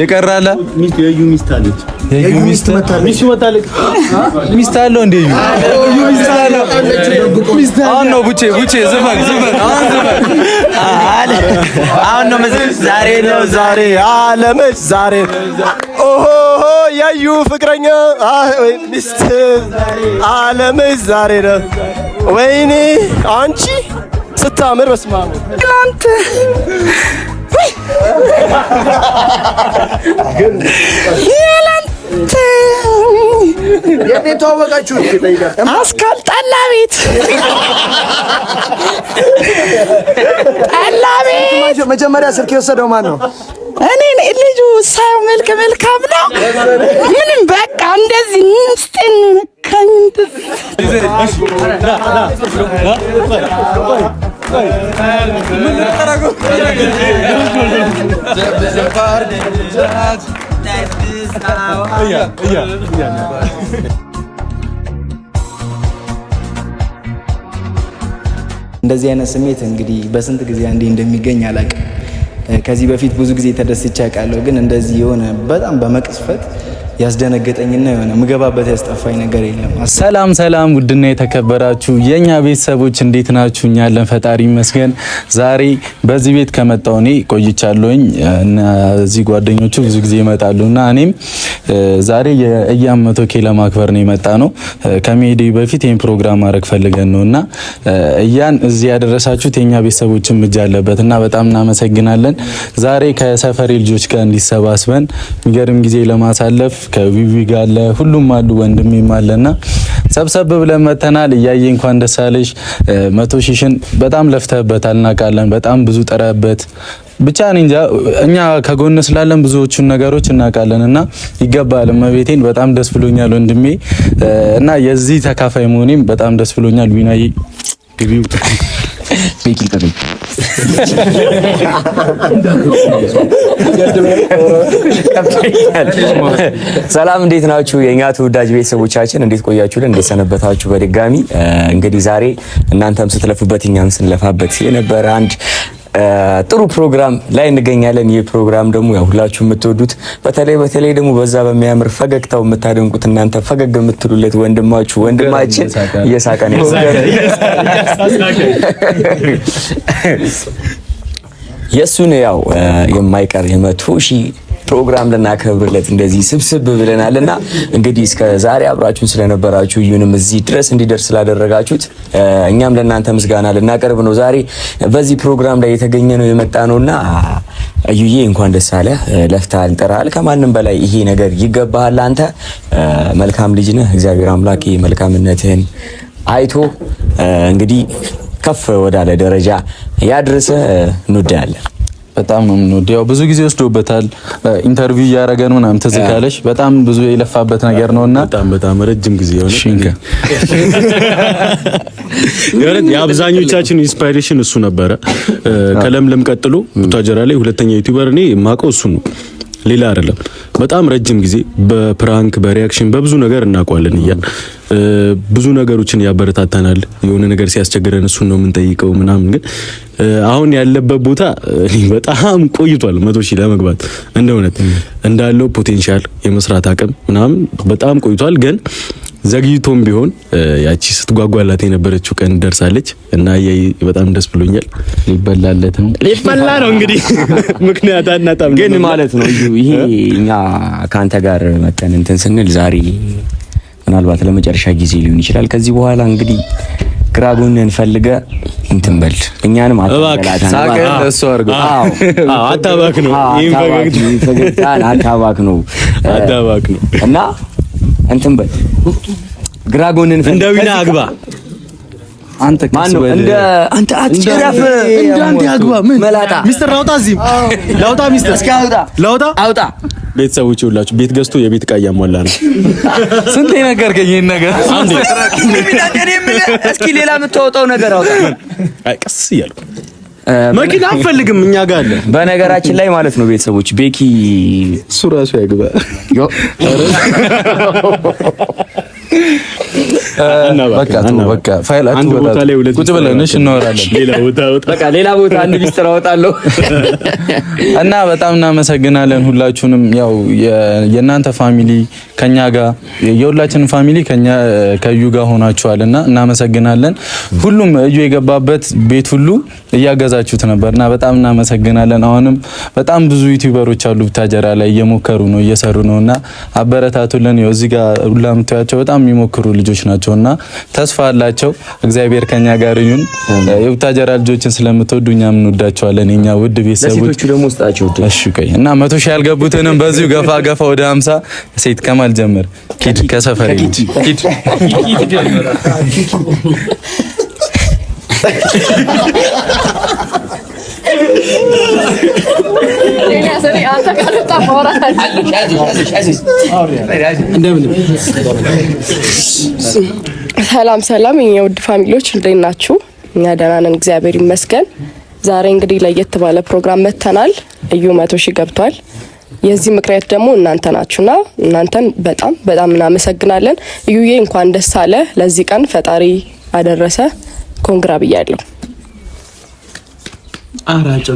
የቀራለ ሚስት የዩ ሚስት አለች። ሚስት ሚስት አለው ዩ ዛሬ ነው ዛሬ አለመች ዛሬ የዩ ፍቅረኛ ሚስት አለመች ዛሬ ነው። ወይኔ አንቺ ስታምር በስማ ግን የኔ ተዋወቃችሁ አስካልጣላ ቤት ጠላ ቤት መጀመሪያ ስልክ የወሰደው ማን ነው? እኔ ልጁ ሳዩ መልክ መልካም ነው። ምንም በቃ እንደዚህ ንስጥን ከንት እንደዚህ አይነት ስሜት እንግዲህ በስንት ጊዜ አንዴ እንደሚገኝ አላውቅም። ከዚህ በፊት ብዙ ጊዜ ተደስቼ አውቃለሁ፣ ግን እንደዚህ የሆነ በጣም በመቅስፈት ያስደነገጠኝና የሆነ ምገባበት ያስጠፋኝ ነገር የለም። ሰላም ሰላም፣ ውድና የተከበራችሁ የእኛ ቤተሰቦች እንዴት ናችሁ? እኛ ያለን ፈጣሪ ይመስገን። ዛሬ በዚህ ቤት ከመጣሁ እኔ ቆይቻለሁኝ እና እዚህ ጓደኞቹ ብዙ ጊዜ ይመጣሉ እና እኔም ዛሬ የእያም መቶ ኬ ለማክበር ነው የመጣ ነው። ከመሄድ በፊት ይህን ፕሮግራም ማድረግ ፈልገን ነው እና እያን እዚህ ያደረሳችሁት የእኛ ቤተሰቦችም እጅ አለበት እና በጣም እናመሰግናለን። ዛሬ ከሰፈሬ ልጆች ጋር እንዲሰባስበን የሚገርም ጊዜ ለማሳለፍ ከቪቪ ጋር አለ፣ ሁሉም አሉ፣ ወንድሜም አለና ሰብሰብ ብለን መተናል። እያየ እንኳን ደስ አለሽ። መቶ ሺሽን በጣም ለፍተህበት እናውቃለን። በጣም ብዙ ጥረህበት ብቻ እንጃ እኛ ከጎን ስላለን ብዙዎቹን ነገሮች እናውቃለን እና ይገባል። እመቤቴን በጣም ደስ ብሎኛል ወንድሜ እና የዚህ ተካፋይ መሆኔም በጣም ደስ ብሎኛል ቢናይ ግቢው ቤኪል ቀበኝ ሰላም፣ እንዴት ናችሁ? የእኛ ተወዳጅ ቤተሰቦቻችን እንዴት ቆያችሁልን? እንዴት ሰነበታችሁ? በድጋሚ እንግዲህ ዛሬ እናንተም ስትለፉበት እኛም ስንለፋበት የነበረ አንድ ጥሩ ፕሮግራም ላይ እንገኛለን። ይህ ፕሮግራም ደግሞ ያው ሁላችሁ የምትወዱት በተለይ በተለይ ደግሞ በዛ በሚያምር ፈገግታው የምታደንቁት እናንተ ፈገግ የምትሉለት ወንድማችሁ ወንድማችን እየሳቀ ነው የእሱን ያው የማይቀር የመቶ ሺህ ፕሮግራም ልናከብርለት እንደዚህ ስብስብ ብለናል እና እንግዲህ እስከ ዛሬ አብራችሁን ስለነበራችሁ እዩንም እዚህ ድረስ እንዲደርስ ስላደረጋችሁት እኛም ለእናንተ ምስጋና ልናቀርብ ነው። ዛሬ በዚህ ፕሮግራም ላይ የተገኘ ነው የመጣ እና እዩዬ እንኳን ደስ አለ። ለፍተሃል፣ ጥረሃል። ከማንም በላይ ይሄ ነገር ይገባሃል። አንተ መልካም ልጅ ነህ። እግዚአብሔር አምላክ መልካምነትህን አይቶ እንግዲህ ከፍ ወዳለ ደረጃ ያድርሰ። እንወዳለን። በጣም ነው የምንወደው። ያው ብዙ ጊዜ ወስዶበታል። ኢንተርቪው እያደረገን ምናምን ትዝ ካለሽ በጣም ብዙ የለፋበት ነገር ነውና በጣም በጣም ረጅም ጊዜ ሆነ። የአብዛኞቻችን ኢንስፓይሬሽን እሱ ነበረ። ከለምለም ቀጥሎ ቡታጀራ ላይ ሁለተኛ ዩቲዩበር እኔ የማውቀው እሱ ነው። ሌላ አይደለም። በጣም ረጅም ጊዜ በፕራንክ በሪያክሽን በብዙ ነገር እናውቀዋለን። እያል ብዙ ነገሮችን ያበረታታናል። የሆነ ነገር ሲያስቸግረን እሱን ነው የምንጠይቀው ምናምን። ግን አሁን ያለበት ቦታ በጣም ቆይቷል መቶ ሺህ ለመግባት እንደ እውነት እንዳለው ፖቴንሻል የመስራት አቅም ምናምን በጣም ቆይቷል ግን ዘግይቶም ቢሆን ያቺ ስትጓጓላት የነበረችው ቀን ደርሳለች እና አያይ በጣም ደስ ብሎኛል። ሊበላለት ነው ሊበላ ነው እንግዲህ ምክንያት አናጣም። ግን ማለት ነው ይሄ እኛ ከአንተ ጋር መጠን እንትን ስንል ዛሬ ምናልባት ለመጨረሻ ጊዜ ሊሆን ይችላል። ከዚህ በኋላ እንግዲህ ግራ ጎንህን ፈልገህ እንትን በል እኛንም አታባክ ነው እና እንትን በል ግራ ጎንን እንደ ዊና አግባ አንተ ማነው? እንደ አንተ አትጨራፍ እንደ አንተ አግባ ምን መላጣ ሚስተር ላውጣ እዚህ ላውጣ ሚስተር እስኪ አውጣ ላውጣ አውጣ። ቤተሰቦች ሁላችሁ ቤት ገዝቶ የቤት ዕቃ እያሟላ ነው። ስንቴ ነገርከኝ ይሄን ነገር አንዴ። እስኪ ሌላ የምታወጣው ነገር አውጣ። አይ ቀስ እያልኩ መኪና አንፈልግም እኛ ጋር አለ። በነገራችን ላይ ማለት ነው ቤተሰቦች ቤኪ እሱ ራሱ ያግባ እና በጣም እናመሰግናለን ሁላችሁንም። ያው የእናንተ ፋሚሊ ከኛ ጋር የሁላችንም ፋሚሊ ከኛ ከዩ ጋር ሆናችኋል እና እናመሰግናለን። ሁሉም እዩ የገባበት ቤት ሁሉ እያገዛችሁት ነበር እና በጣም እናመሰግናለን። አሁንም በጣም ብዙ ዩቲዩበሮች አሉ ብታጀራ ላይ እየሞከሩ ነው እየሰሩ ነው እና አበረታቱልን። ያው እዚህ ጋር ሁላ የምታያቸው በጣም የሚሞክሩ ልጆች ናቸው። ናቸው እና ተስፋ አላቸው። እግዚአብሔር ከኛ ጋር ይሁን። የቡታጀራ ልጆችን ስለምትወዱ እኛም እንወዳቸዋለን። የኛ ውድ ቤተሰቦች እሺ፣ ቆይ እና መቶ ሺህ ያልገቡትንም በዚሁ ገፋ ገፋ ወደ 50 ሴት ከማል ጀመር ኪድ ከሰፈር ኪድ ኪድ ሰላም ሰላም፣ የኛ ውድ ፋሚሊዎች እንዴት ናችሁ? እኛ ደህና ነን፣ እግዚአብሔር ይመስገን። ዛሬ እንግዲህ ለየት ባለ ፕሮግራም መጥተናል። እዩ መቶ ሺህ ገብቷል። የዚህ ምክንያት ደግሞ እናንተ ናችሁና እናንተን በጣም በጣም እናመሰግናለን። እዩዬ እንኳን ደስ አለ ለዚህ ቀን ፈጣሪ አደረሰ። ኮንግራ ብያለሁ። እሷ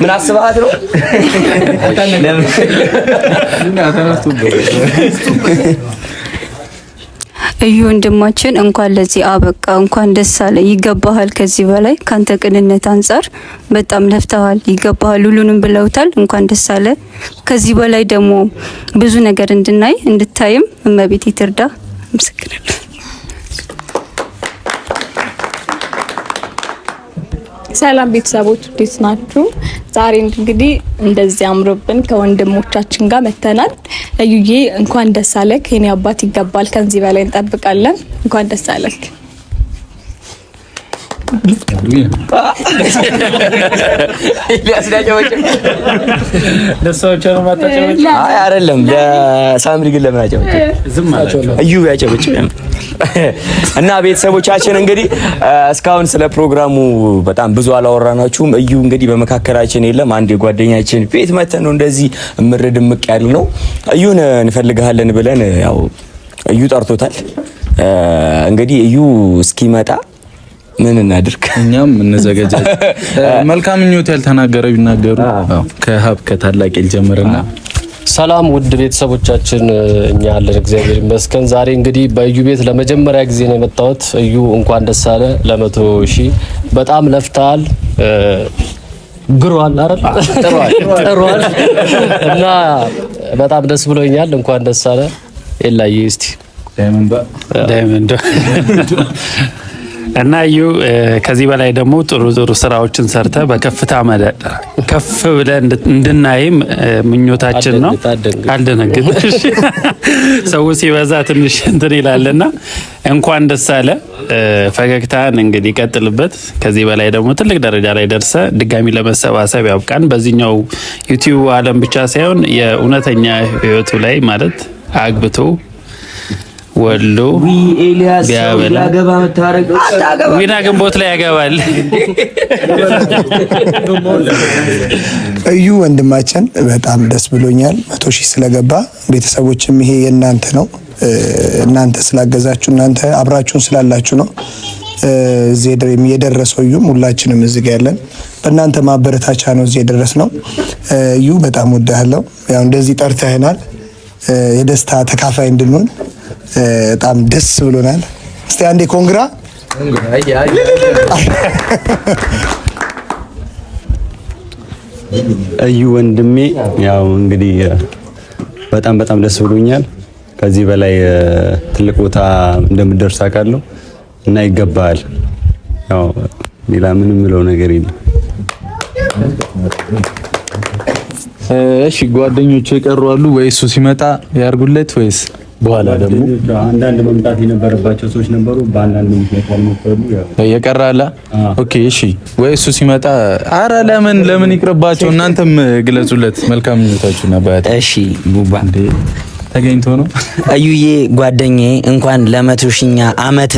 ምን አስበሃት ነው? እዩ ወንድማችን እንኳን ለዚህ አበቃ፣ እንኳን ደስ አለ። ይገባሃል። ከዚህ በላይ ካንተ ቅንነት አንጻር በጣም ለፍተሃል። ይገባሃል። ሁሉንም ብለውታል። እንኳን ደስ አለ። ከዚህ በላይ ደግሞ ብዙ ነገር እንድናይ እንድታይም እመቤት ይትርዳ። አመሰግናለሁ። ሰላም ቤተሰቦች እንዴት ናችሁ? ዛሬ እንግዲህ እንደዚህ አምሮብን ከወንድሞቻችን ጋር መተናል። እዩዬ እንኳን ደስ አለክ። የኔ አባት ይገባል። ከዚህ በላይ እንጠብቃለን። እንኳን ደስ አለክ። አይደለም ለሳምሪ ግን ለምን እዩ ያጨበጭ። እና ቤተሰቦቻችን እንግዲህ እስካሁን ስለ ፕሮግራሙ በጣም ብዙ አላወራናችሁም። እዩ እንግዲህ በመካከላችን የለም። አንድ የጓደኛችን ቤት መተን ነው እንደዚህ ምርድ ድምቅ ያሉ ነው። እዩን እንፈልግሃለን ብለን ያው እዩ ጠርቶታል። እንግዲህ እዩ እስኪመጣ ምን እናድርግ? እኛም እንዘጋጃ። መልካም ምኞት ያልተናገረ ቢናገሩ ከሀብ ከታላቅ ልጀምርና ሰላም ውድ ቤተሰቦቻችን፣ እኛ አለን እግዚአብሔር ይመስገን። ዛሬ እንግዲህ በእዩ ቤት ለመጀመሪያ ጊዜ ነው የመጣሁት። እዩ እንኳን ደስ አለ ለመቶ ሺህ በጣም ለፍተሃል፣ ግሯል፣ ጥሯል እና በጣም ደስ ብሎኛል። እንኳን ደስ አለ ኤላዬ እስቲ እና እዩ ከዚህ በላይ ደግሞ ጥሩ ጥሩ ስራዎችን ሰርተ በከፍታ መለጠ ከፍ ብለ እንድናይም ምኞታችን ነው። አልደነግጥ ሰው ሲበዛ ትንሽ እንትን ይላልና እንኳን ደስ አለ። ፈገግታን እንግዲህ ይቀጥልበት። ከዚህ በላይ ደግሞ ትልቅ ደረጃ ላይ ደርሰ ድጋሚ ለመሰባሰብ ያብቃን። በዚህኛው ዩቲዩብ አለም ብቻ ሳይሆን የእውነተኛ ህይወቱ ላይ ማለት አግብቶ ወሎ ዊና ግንቦት ላይ ያገባል። እዩ ወንድማችን በጣም ደስ ብሎኛል፣ መቶ ሺህ ስለገባ ቤተሰቦችም ይሄ የእናንተ ነው። እናንተ ስላገዛችሁ እናንተ አብራችሁን ስላላችሁ ነው እዚህ የደረሰው እዩም፣ ሁላችንም እዚህ ጋር ያለን በእናንተ ማበረታቻ ነው እዚህ የደረስ ነው። እዩ በጣም ወዳለው ያው እንደዚህ ጠርተህናል፣ የደስታ ተካፋይ እንድንሆን በጣም ደስ ብሎናል። እስቲ አንዴ ኮንግራ እዩ ወንድሜ። ያው እንግዲህ በጣም በጣም ደስ ብሎኛል። ከዚህ በላይ ትልቅ ቦታ እንደምደርስ አውቃለሁ እና ይገባሃል። ያው ሌላ ምንም ምለው ነገር የለም። እሺ ጓደኞቹ የቀሩ አሉ ወይ? እሱ ሲመጣ ያርጉለት ወይስ በኋላ ደግሞ አንዳንድ መምጣት የነበረባቸው ሰዎች ነበሩ። በአንዳንድ ምክንያት አልመጣሉ። ኦኬ እሺ። ወይ እሱ ሲመጣ አረ ለምን ለምን ይቅርባቸው። እናንተም ግለጹለት መልካም ምኞታችሁ ነበር። እሺ ቡባ ተገኝቶ ነው እዩዬ ጓደኛዬ እንኳን ለመቶ ሺኛ አመት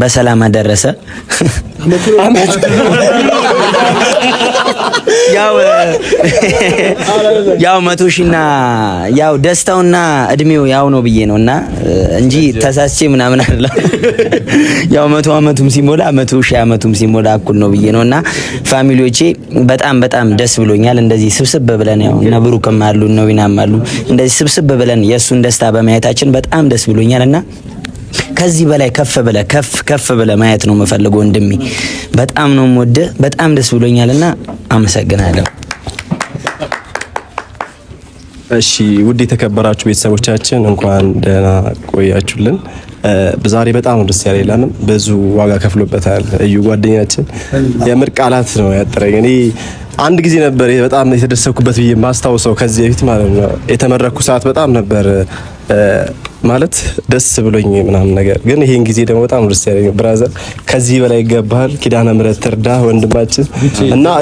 በሰላም አደረሰ። ያው መቶ ሺና ያው ደስታውና እድሜው ያው ነው ብዬ ነው እና እንጂ ተሳስቼ ምናምን አለ ያው መቶ አመቱም ሲሞላ መቶ ሺ አመቱም ሲሞላ እኩል ነው ብዬ ነው እና ፋሚሊዎቼ በጣም በጣም ደስ ብሎኛል። እንደዚህ ስብስብ ብለን ያው እነ ብሩክም አሉ እነ ዊናም አሉ እንደዚህ ስብስብ ብለን የእሱን ደስታ በማየታችን በጣም ደስ ብሎኛል እና ከዚህ በላይ ከፍ ብለ ከፍ ከፍ ብለ ማየት ነው የምፈልገው ወንድሜ። በጣም ነው ወደ በጣም ደስ ብሎኛል አመሰግናለሁ። እሺ ውድ የተከበራችሁ ቤተሰቦቻችን እንኳን ደህና ቆያችሁልን። ዛሬ በጣም ደስ ያለኝ ለምን ብዙ ዋጋ ከፍሎበታል እዩ ጓደኛችን። የምር ቃላት ነው ያጠረኝ። እኔ አንድ ጊዜ ነበር በጣም የተደሰኩበት ብዬ ማስታውሰው ከዚህ በፊት ማለት ነው የተመረኩ ሰዓት በጣም ነበር ማለት ደስ ብሎኝ ምናምን ነገር ግን ይሄን ጊዜ ደግሞ በጣም ደስ ያለኝ ብራዘር፣ ከዚህ በላይ ይገባሃል። ኪዳነ ምሕረት ትርዳ ወንድማችን እና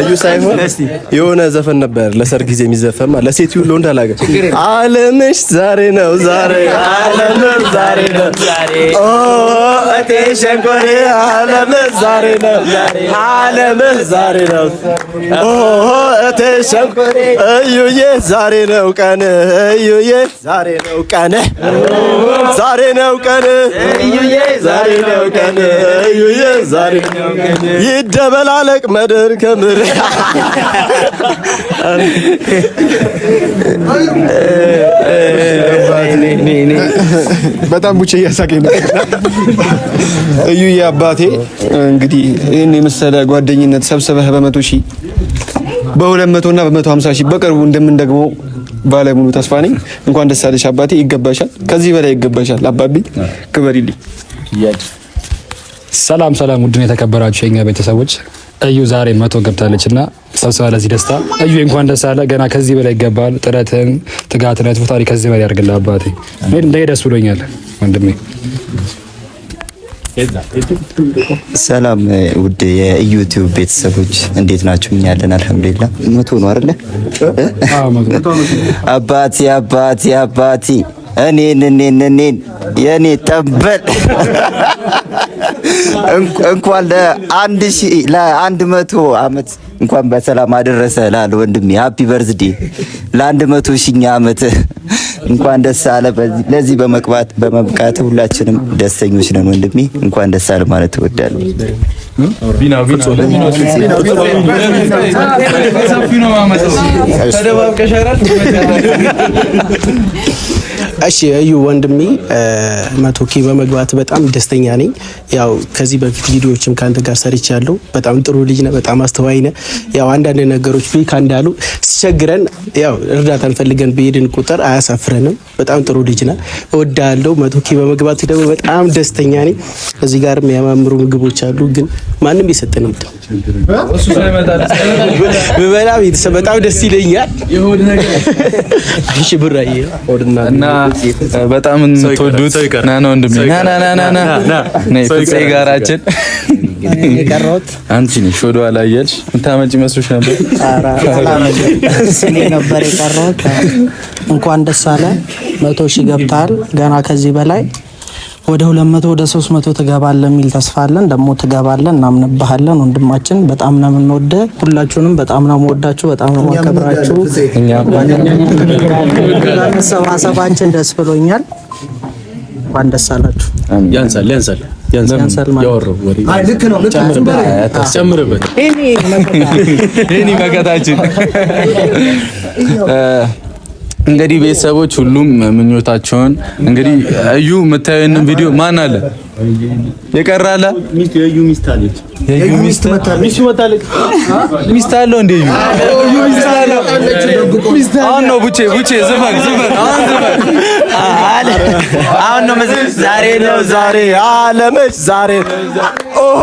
ልዩ ሳይሆን የሆነ ዘፈን ነበር ለሰርግ ጊዜ የሚዘፈን ለሴት ይሁን ለወንድ አላገ አለምሽ ዛሬ ነው ዛሬ አለምሽ ዛሬ ነው ኦ እቴ ሸንኮሬ አለምሽ ዛሬ ነው አለምሽ ዛሬ እዩዬ ዛሬ ነው ቀን እዩዬ ዛሬ ነው ቀን ዛሬ ነው ቀን እዩዬ ዛሬ ነው ቀን እዩዬ ዛሬ ነው ቀን ይደበላለቅ መድር ከምር በጣም ቡቼ እያሳቀኝ ነው። እዩዬ አባቴ እንግዲህ ይህን የመሰለ ጓደኝነት ሰብስበህ በመቶ ሺህ በሁለት መቶ እና በመቶ ሀምሳ ሺህ በቅርቡ እንደምንደግመው ባለሙሉ ተስፋ ነኝ። እንኳን ደስ አለሽ አባቴ፣ ይገባሻል፣ ከዚህ በላይ ይገባሻል። አባቢ ክበሪልኝ። ሰላም ሰላም፣ ውድን የተከበራችሁ የኛ ቤተሰቦች እዩ ዛሬ መቶ ገብታለች እና ሰብስባ ለዚህ ደስታ እዩ እንኳን ደስ አለ። ገና ከዚህ በላይ ይገባል። ጥረትን፣ ትጋትን ትፉታሪ ከዚህ በላይ ያድርግልህ አባቴ። እኔ ደስ ብሎኛል ወንድሜ። ሰላም ውድ የዩቲዩብ ቤተሰቦች እንዴት ናችሁ? እኛ ያለን አልሐምዱሊላ። መቶ ነው አይደለ? አባቲ አባቲ አባቲ እኔን እኔን እኔን የኔ ጠበል እንኳን ለአንድ ሺህ ለአንድ መቶ አመት እንኳን በሰላም አደረሰ ላለ ወንድሜ ሀፒ በርዝዴ ለአንድ መቶ ሺኛ አመት እንኳን ደስ አለ ለዚህ በመቅባት በመብቃት ሁላችንም ደስተኞች ነን ወንድሜ፣ እንኳን ደስ አለ ማለት እወዳለሁ። እሺ እዩ ወንድሜ መቶ ኬ በመግባት በጣም ደስተኛ ነኝ። ያው ከዚህ በፊት ቪዲዮዎችም ከአንተ ጋር ሰርች ያለው በጣም ጥሩ ልጅ ነህ፣ በጣም አስተዋይ ነህ። ያው አንዳንድ ነገሮች ቤካ እንዳሉ ሲቸግረን ያው እርዳታን ፈልገን በሄድን ቁጥር አያሳፍረንም። በጣም ጥሩ ልጅ ነህ፣ እወድሃለሁ። መቶ ኬ በመግባት ደግሞ በጣም ደስተኛ ነኝ። እዚህ ጋርም የሚያማምሩ ምግቦች አሉ፣ ግን ማንም የሰጠን የለም ብበላ ቤተሰብ በጣም ደስ ይለኛል። ብራዬ በጣም የምትወዱት ና ነው ወንድሜ ጋራችን አንቺ ነሽ ወደኋላ እያልሽ የምታመጪ መስሎሽ ነበር። እኔ ነበር የቀረሁት። እንኳን ደስ አለ። መቶ ሺህ ገብተሃል። ገና ከዚህ በላይ ወደ 200 ወደ 300 ትገባለ የሚል ተስፋ አለን። ደግሞ ትገባለ፣ እናምንብሃለን ወንድማችን። በጣም ነው የምንወደ። ሁላችሁንም በጣም ነው የምወዳችሁ፣ በጣም ነው የማከብራችሁ። መሰባሰባችን ደስ ብሎኛል። እንኳን ደስ አላችሁ። ያንሳል ያንሳል ያንሳል እንግዲህ ቤተሰቦች ሁሉም ምኞታቸውን እንግዲህ እዩ የምታዩንን ቪዲዮ ማን አለ የቀራለ ሚስት ሚስት አለች የዩ አለው እንደ እዩ አሁን ነው ቡቼ ቡቼ ዝፈን ዝፈን አሁን ዝፈን አለ አሁን ነው ዛሬ ነው ዛሬ አለመች ዛሬ ኦሆ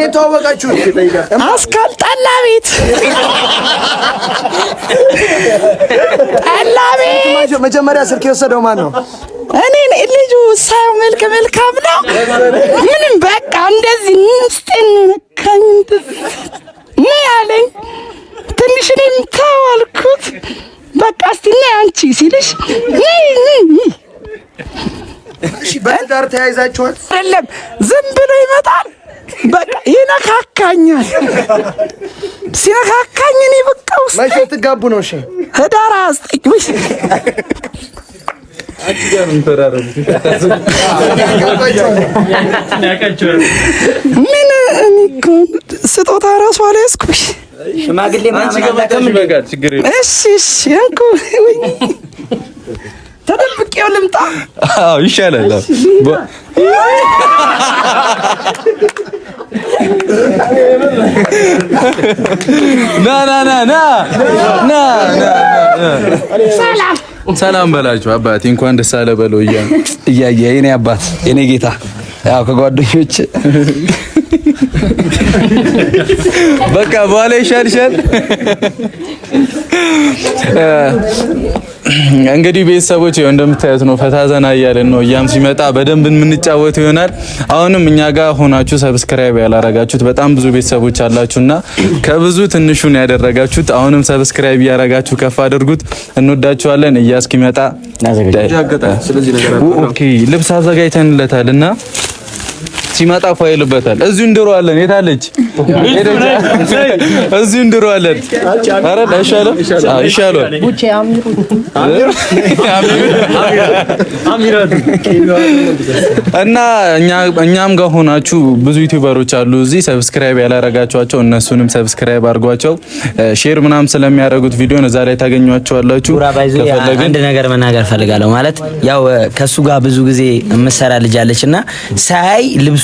የተዋወቃችሁት አስካልጠላ ቤት ጠላ ቤት መጀመሪያ ስልክ የወሰደው ማን ነው? እኔ ልጁ ሳዩ መልክ መልካም ነው። ምንም በቃ እንደዚህ ንስጥን ነው ያለኝ። ትንሽ እኔም ተው አልኩት። በቃ እስቲ ነይ አንቺ ሲልሽ እሺ። በትዳር ተያይዛችኋል? አይደለም ዝም ብሎ ይመጣል። በቃ ይነካካኛል። ሲነካካኝ እኔ በቃ ውስጥ መቼ ትጋቡ ነው? እሺ ህዳር ምን እኔ እኮ ስጦታ እራሱ አልያዝኩም። ሽማግሌ እሺ እሺ ተደብቄው ልምጣ? አዎ ይሻላል። ና ና ና ና ና ሰላም ሰላም በላችሁ አባቴ፣ እንኳን ደስ አለ በለው። እያየ የኔ አባት የኔ ጌታ ያው ከጓደኞች በቃ በኋላ ይሻልሻል። እንግዲህ ቤተሰቦች ይኸው እንደምታዩት ነው። ፈታ ዘና እያለን ነው። እያም ሲመጣ በደንብ የምንጫወት ይሆናል። አሁንም እኛ ጋር ሆናችሁ ሰብስክራይብ ያላረጋችሁት በጣም ብዙ ቤተሰቦች አላችሁና ከብዙ ትንሹን ያደረጋችሁት አሁንም ሰብስክራይብ እያረጋችሁ ከፍ አድርጉት። እንወዳችኋለን። እያስኪመጣ ልብስ አዘጋጅተንለታል እና ሲመጣ ፋይልበታል። እዚሁ እንድሮዋለን። የታለች? እዚሁ እንድሮዋለን። ኧረ አይሻልም? ይሻላል። እና እኛም ጋር ሆናችሁ ብዙ ዩቲዩበሮች አሉ እዚህ ሰብስክራይብ ያላረጋችኋቸው እነሱንም ሰብስክራይብ አድርጓቸው። ሼር ምናምን ስለሚያደርጉት ቪዲዮን እዛ ላይ ታገኟቸዋላችሁ። አንድ ነገር መናገር ፈልጋለሁ ማለት ያው ከሱ ጋር ብዙ ጊዜ የምሰራ ልጅ አለች እና ሳይ ልብሱ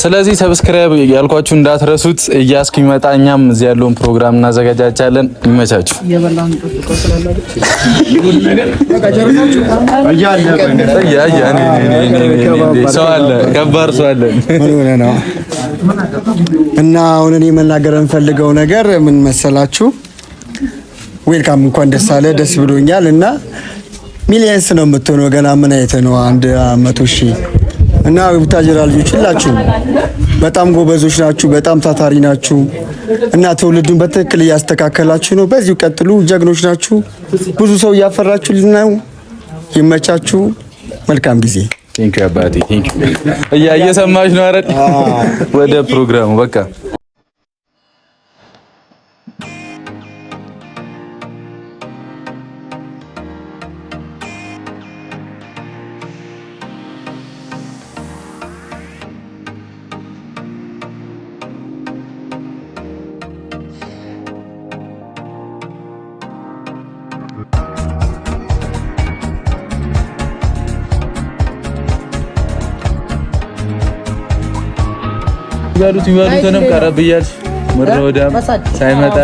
ስለዚህ ሰብስክራይብ ያልኳችሁ እንዳትረሱት። እያስኪመጣ እኛም እዚህ ያለውን ፕሮግራም እናዘጋጃቻለን። ይመቻችሁ። ሰው አለ፣ ከባድ ሰው አለ እና አሁን እኔ መናገር የምፈልገው ነገር ምን መሰላችሁ? ዌልካም፣ እንኳን ደስ አለ። ደስ ብሎኛል እና ሚሊየንስ ነው የምትሆነው ገና ምን አይተ ነው አንድ መቶ ሺህ እና ቡታጀራ ልጆች ሁላችሁ በጣም ጎበዞች ናችሁ፣ በጣም ታታሪ ናችሁ እና ትውልዱን በትክክል እያስተካከላችሁ ነው። በዚሁ ቀጥሉ፣ ጀግኖች ናችሁ። ብዙ ሰው እያፈራችሁ ልናዩ ይመቻችሁ። መልካም ጊዜ። ቴንክ ዩ አባቴ። ቴንክ ዩ። እየሰማሽ ነው አይደል? ወደ ፕሮግራሙ በቃ ይበሉት ይበሉትንም ቀረብ እያልሽ ምሮ ወዳም ሳይመጣ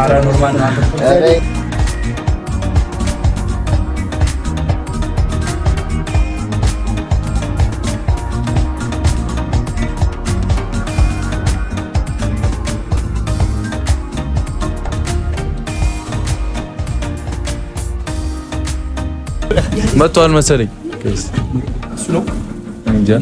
ኧረ ኖርማል ነው። መጥቷል መሰለኝ። እሱ ነው እንጃ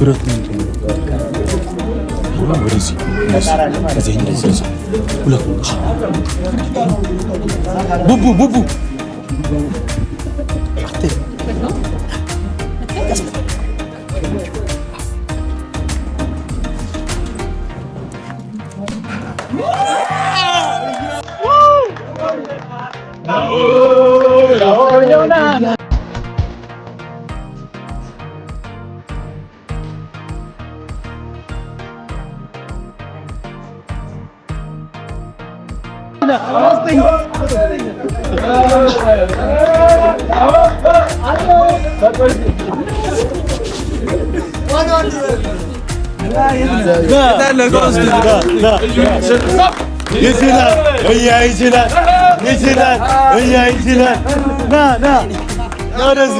ብረት ሁለት ቡቡ ቡቡ Yüzüler, önyayıcılar, neciler, önyayıcılar. Na na. Na razı.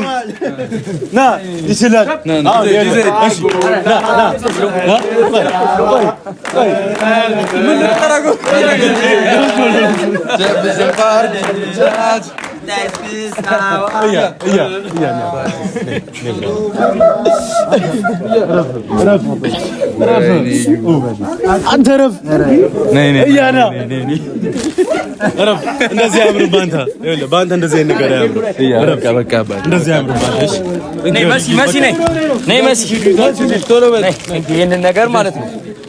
Na, içiler. Na, güzel. Na, na. Na. Oy. Oy. Millet karakola. Cebimize var. Cebimize var. አንተ ረፍ እንደዚህ አምር ባንተ ባንተ እንደዚህ ነገር ያምር። በቃ ነገር ማለት ነው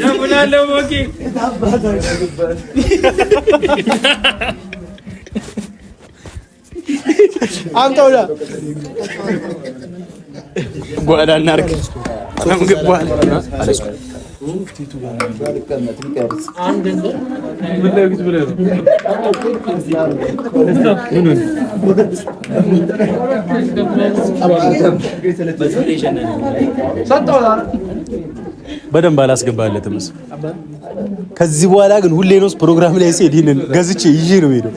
ደውላለሁ ወጌ አምጣውላ ጓዳ እናርግ ለምግቧል ሰጠው በደንብ አላስገባለትም። ከዚህ በኋላ ግን ሁሌ ነው ፕሮግራም ላይ ሲሄድ ይሄንን ገዝቼ ይዤ ነው ሄደው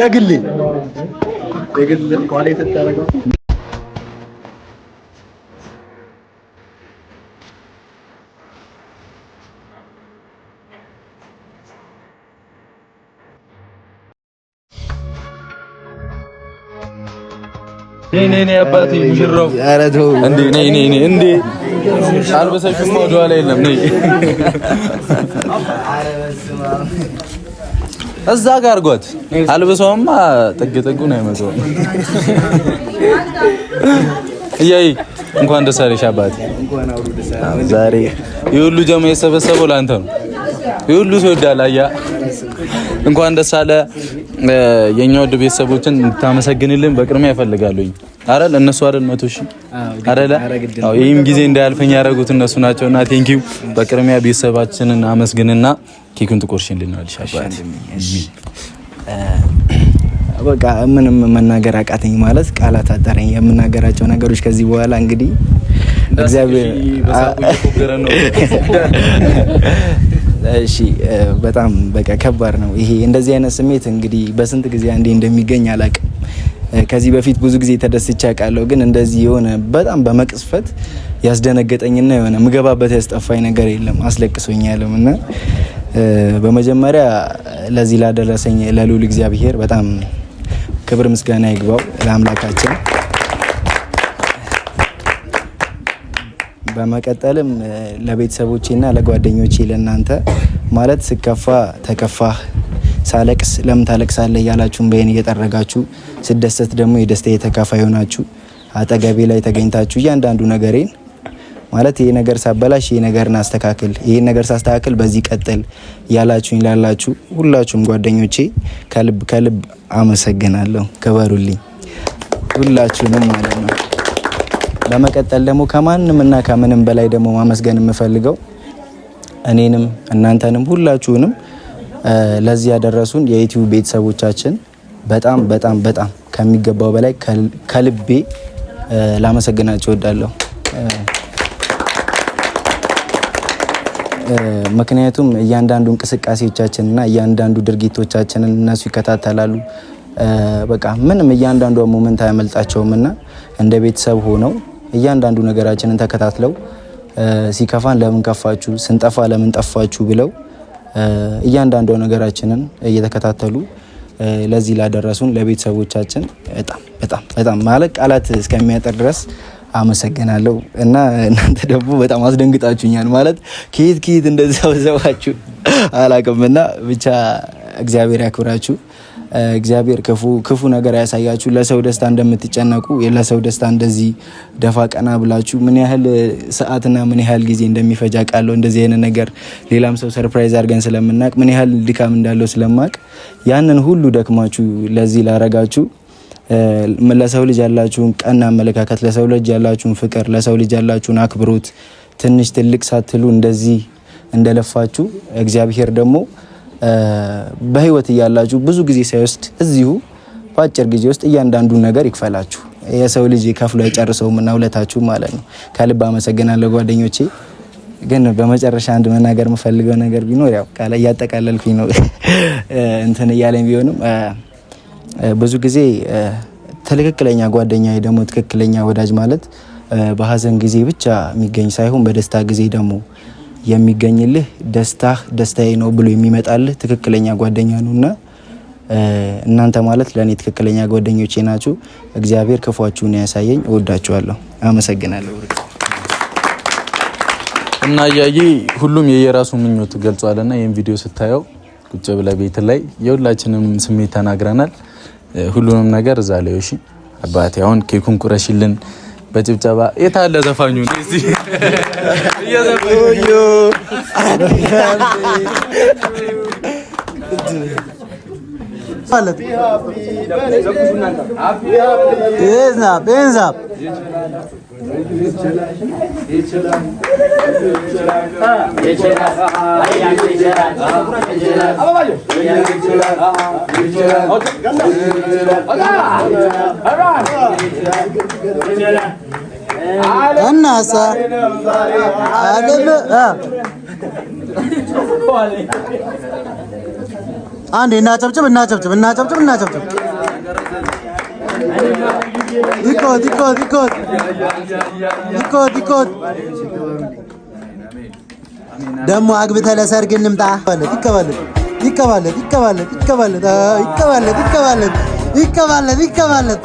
ለግሌ ነይ ነይ ነይ አባቴ ሙሽራው አልበሰሽማ ወደኋላ የለም። ነይ እዛ ጋር አድርጓት። አልብሰውማ ጥግ ጥጉን አይመጣውም። እያይ እንኳን ደስ አለሽ አባቴ። ዛሬ የሁሉ ጀማ የሰበሰበው ለአንተ ነው። የሁሉ ትወዳለህ። አያ እንኳን ደስ አለ የኛ ውድ ቤተሰቦችን እንድታመሰግንልን በቅድሚያ ይፈልጋሉኝ። አረ እነሱ አረል መቶ ሺ አረለ ይህም ጊዜ እንዳያልፈኝ ያደረጉት እነሱ ናቸው እና ቴንኪዩ በቅድሚያ ቤተሰባችንን አመስግንና ኬኩን ትቆርሽን ልናል ሻባት በቃ ምንም መናገር አቃተኝ፣ ማለት ቃላት አጠረኝ። የምናገራቸው ነገሮች ከዚህ በኋላ እንግዲህ እግዚአብሔር እሺ በጣም በቃ ከባድ ነው ይሄ። እንደዚህ አይነት ስሜት እንግዲህ በስንት ጊዜ አንዴ እንደሚገኝ አላቅም። ከዚህ በፊት ብዙ ጊዜ ተደስቼ አውቃለሁ፣ ግን እንደዚህ የሆነ በጣም በመቅስፈት ያስደነገጠኝና የሆነ ምገባበት ያስጠፋኝ ነገር የለም አስለቅሶኛለም። እና በመጀመሪያ ለዚህ ላደረሰኝ ለልዑል እግዚአብሔር በጣም ክብር ምስጋና ይግባው ለአምላካችን። በመቀጠልም ለቤተሰቦቼና ለጓደኞቼ ለእናንተ ማለት ስከፋ ተከፋህ ሳለቅስ ለምን ታለቅሳለህ እያላችሁን በይን እየጠረጋችሁ ስደሰት ደግሞ የደስታ የተካፋ የሆናችሁ አጠገቤ ላይ ተገኝታችሁ እያንዳንዱ ነገሬን ማለት ይሄ ነገር ሳበላሽ ይሄ ነገር አስተካክል፣ ይሄ ነገር ሳስተካክል በዚህ ቀጥል እያላችሁኝ ላላችሁ ሁላችሁም ጓደኞቼ ከልብ ከልብ አመሰግናለሁ። ክበሩልኝ ሁላችሁንም ማለት ነው። በመቀጠል ደግሞ ከማንም እና ከምንም በላይ ደግሞ ማመስገን የምፈልገው እኔንም እናንተንም ሁላችሁንም ለዚህ ያደረሱን የዩቲዩብ ቤተሰቦቻችን በጣም በጣም በጣም ከሚገባው በላይ ከልቤ ላመሰግናቸው እወዳለሁ። ምክንያቱም እያንዳንዱ እንቅስቃሴዎቻችንና እያንዳንዱ ድርጊቶቻችንን እነሱ ይከታተላሉ። በቃ ምንም እያንዳንዷ ሞመንት አያመልጣቸውምና እንደ ቤተሰብ ሆነው እያንዳንዱ ነገራችንን ተከታትለው ሲከፋን ለምን ከፋችሁ፣ ስንጠፋ ለምን ጠፋችሁ ብለው እያንዳንዷ ነገራችንን እየተከታተሉ ለዚህ ላደረሱን ለቤተሰቦቻችን በጣም በጣም በጣም ማለት ቃላት እስከሚያጠር ድረስ አመሰግናለሁ እና እናንተ ደግሞ በጣም አስደንግጣችሁኛል። ማለት ከየት ከየት እንደዛ አላቅም። እና ብቻ እግዚአብሔር ያክብራችሁ። እግዚአብሔር ክፉ ክፉ ነገር ያሳያችሁ። ለሰው ደስታ እንደምትጨነቁ ለሰው ደስታ እንደዚህ ደፋ ቀና ብላችሁ ምን ያህል ሰዓትና ምን ያህል ጊዜ እንደሚፈጅ አውቃለሁ። እንደዚህ አይነት ነገር ሌላም ሰው ሰርፕራይዝ አድርገን ስለምናውቅ ምን ያህል ድካም እንዳለው ስለማውቅ ያንን ሁሉ ደክማችሁ ለዚህ ላረጋችሁ ለሰው ልጅ ያላችሁን ቀና አመለካከት፣ ለሰው ልጅ ያላችሁን ፍቅር፣ ለሰው ልጅ ያላችሁን አክብሮት ትንሽ ትልቅ ሳትሉ እንደዚህ እንደለፋችሁ እግዚአብሔር ደግሞ በህይወት እያላችሁ ብዙ ጊዜ ሳይወስድ እዚሁ በአጭር ጊዜ ውስጥ እያንዳንዱን ነገር ይክፈላችሁ። የሰው ልጅ ከፍሎ አይጨርሰውም እና ሁለታችሁ ማለት ነው። ከልብ አመሰግናለሁ ጓደኞቼ። ግን በመጨረሻ አንድ መናገር የምፈልገው ነገር ቢኖር ያው ቃል እያጠቃለልኩኝ ነው እንትን እያለኝ ቢሆንም ብዙ ጊዜ ትክክለኛ ጓደኛ ደግሞ ትክክለኛ ወዳጅ ማለት በሀዘን ጊዜ ብቻ የሚገኝ ሳይሆን በደስታ ጊዜ ደግሞ የሚገኝልህ ደስታህ ደስታዬ ነው ብሎ የሚመጣልህ ትክክለኛ ጓደኛ ነውና እናንተ ማለት ለእኔ ትክክለኛ ጓደኞቼ ናችሁ። እግዚአብሔር ክፏችሁን ያሳየኝ። እወዳችኋለሁ። አመሰግናለሁ። እና እያየ ሁሉም የየራሱ ምኞት ገልጿል ና ይህም ቪዲዮ ስታየው ቁጭ ብለ ቤት ላይ የሁላችንም ስሜት ተናግረናል። ሁሉንም ነገር እዛ ላይ እሺ አባቴ አሁን ኬኩን ቁረሽልን በጭብጨባ የታለ ዘፋኙ እንደዚህ እየዘፈኑ Salat. Benza, benza. الناس አንድ እናጨብጭብ እናጨብጭብ እናጨብጭብ እናጨብጭብ። ዲኮት ዲኮት ዲኮት ዲኮት ዲኮት ደግሞ አግብተህ ለሰርግ እንምጣ። ይቀበለት ይቀበለት ይቀበለት ይቀበለት ይቀበለት ይቀበለት ይቀበለት ይቀበለት